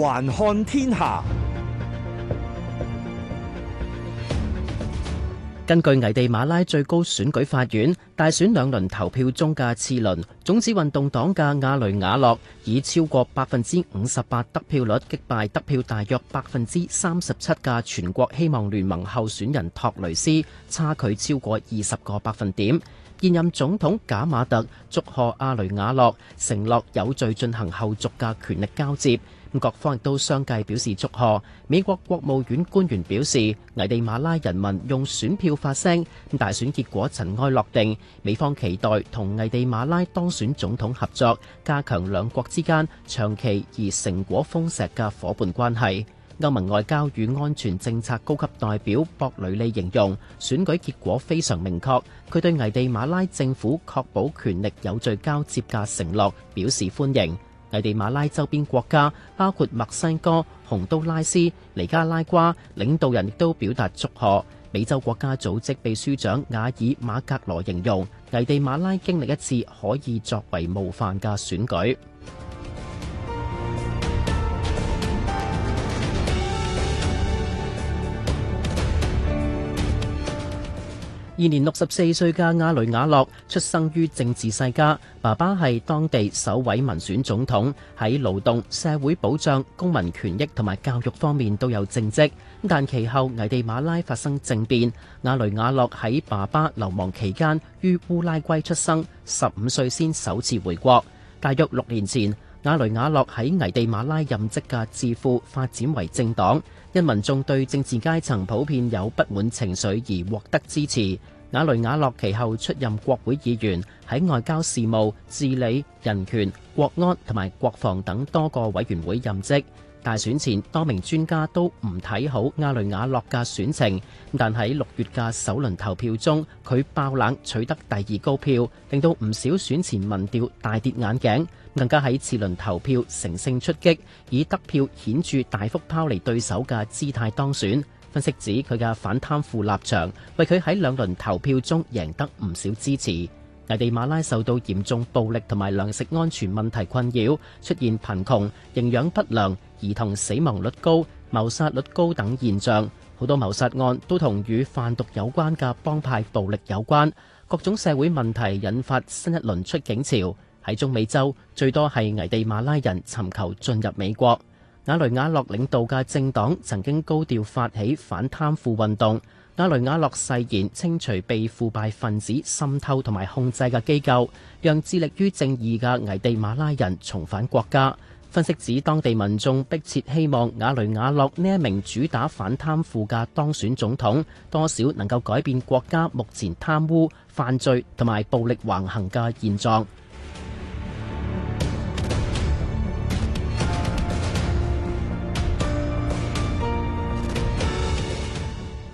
環看天下。根據危地馬拉最高選舉法院大選兩輪投票中嘅次輪，種子運動黨嘅阿雷瓦洛以超過百分之五十八得票率擊敗得票大約百分之三十七嘅全國希望聯盟候選人托雷斯，差距超過二十個百分點。現任總統賈馬特祝賀阿雷瓦洛，承諾有序進行後續嘅權力交接。各方亦都相繼表示祝賀。美國國務院官員表示，危地馬拉人民用選票發聲，咁大選結果塵埃落定。美方期待同危地馬拉當選總統合作，加強兩國之間長期而成果豐碩嘅夥伴關係。歐盟外交與安全政策高級代表博雷利形容選舉結果非常明確，佢對危地馬拉政府確保權力有序交接嘅承諾表示歡迎。危地馬拉周邊國家包括墨西哥、洪都拉斯、尼加拉瓜，領導人亦都表達祝賀。美洲國家組織秘書長雅爾馬格羅形容危地馬拉經歷一次可以作為模範嘅選舉。現年六十四歲嘅阿雷瓦洛，出生於政治世家，爸爸係當地首位民選總統，喺勞動、社會保障、公民權益同埋教育方面都有政績。但其後危地馬拉發生政變，阿雷瓦洛喺爸爸流亡期間於烏拉圭出生，十五歲先首次回國，大約六年前。阿雷瓦洛喺危地馬拉任職嘅智庫發展為政黨，因民眾對政治階層普遍有不滿情緒而獲得支持。阿雷瓦洛其後出任國會議員，喺外交事務、治理、人權、國安同埋國防等多個委員會任職。大選前，多名專家都唔睇好阿雷瓦洛嘅選情，但喺六月嘅首輪投票中，佢爆冷取得第二高票，令到唔少選前民調大跌眼鏡，更加喺次輪投票乘勝出擊，以得票顯著大幅拋離對手嘅姿態當選。分析指佢嘅反貪腐立場，為佢喺兩輪投票中贏得唔少支持。危地馬拉受到嚴重暴力同埋糧食安全問題困擾，出現貧窮、營養不良。兒童死亡率高、謀殺率高等現象，好多謀殺案都同與販毒有關嘅幫派暴力有關。各種社會問題引發新一輪出境潮。喺中美洲，最多係危地馬拉人尋求進入美國。阿雷瓦洛領導嘅政黨曾經高調發起反貪腐運動。阿雷瓦洛誓言清除被腐敗分子滲透同埋控制嘅機構，讓致力於正義嘅危地馬拉人重返國家。分析指，當地民眾迫切希望阿雷瓦洛呢一名主打反貪腐嘅當選總統，多少能夠改變國家目前貪污、犯罪同埋暴力橫行嘅現狀。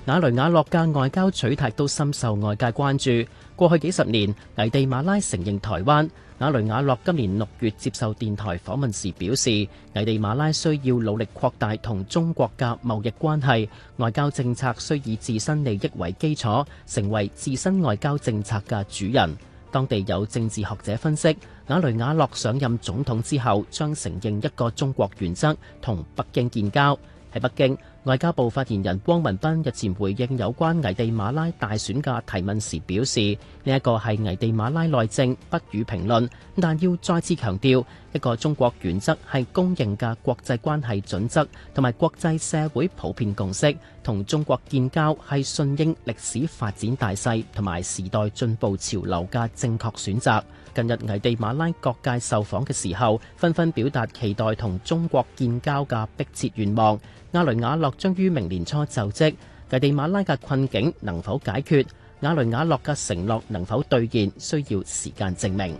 阿雷瓦洛嘅外交取態都深受外界關注。過去幾十年，危地馬拉承認台灣。阿雷瓦洛今年六月接受電台訪問時表示，危地馬拉需要努力擴大同中國嘅貿易關係，外交政策需以自身利益為基礎，成為自身外交政策嘅主人。當地有政治學者分析，阿雷瓦洛上任總統之後將承認一個中國原則，同北京建交。喺北京。外交部發言人汪文斌日前回應有關危地馬拉大選嘅提問時表示：呢一個係危地馬拉內政，不予評論。但要再次強調，一個中國原則係公認嘅國際關係準則，同埋國際社會普遍共識。同中國建交係順應歷史發展大勢，同埋時代進步潮流嘅正確選擇。近日危地馬拉各界受訪嘅時候，紛紛表達期待同中國建交嘅迫切願望。阿雷瓦洛將於明年初就職，危地馬拉嘅困境能否解決，阿雷瓦洛嘅承諾能否兌現，需要時間證明。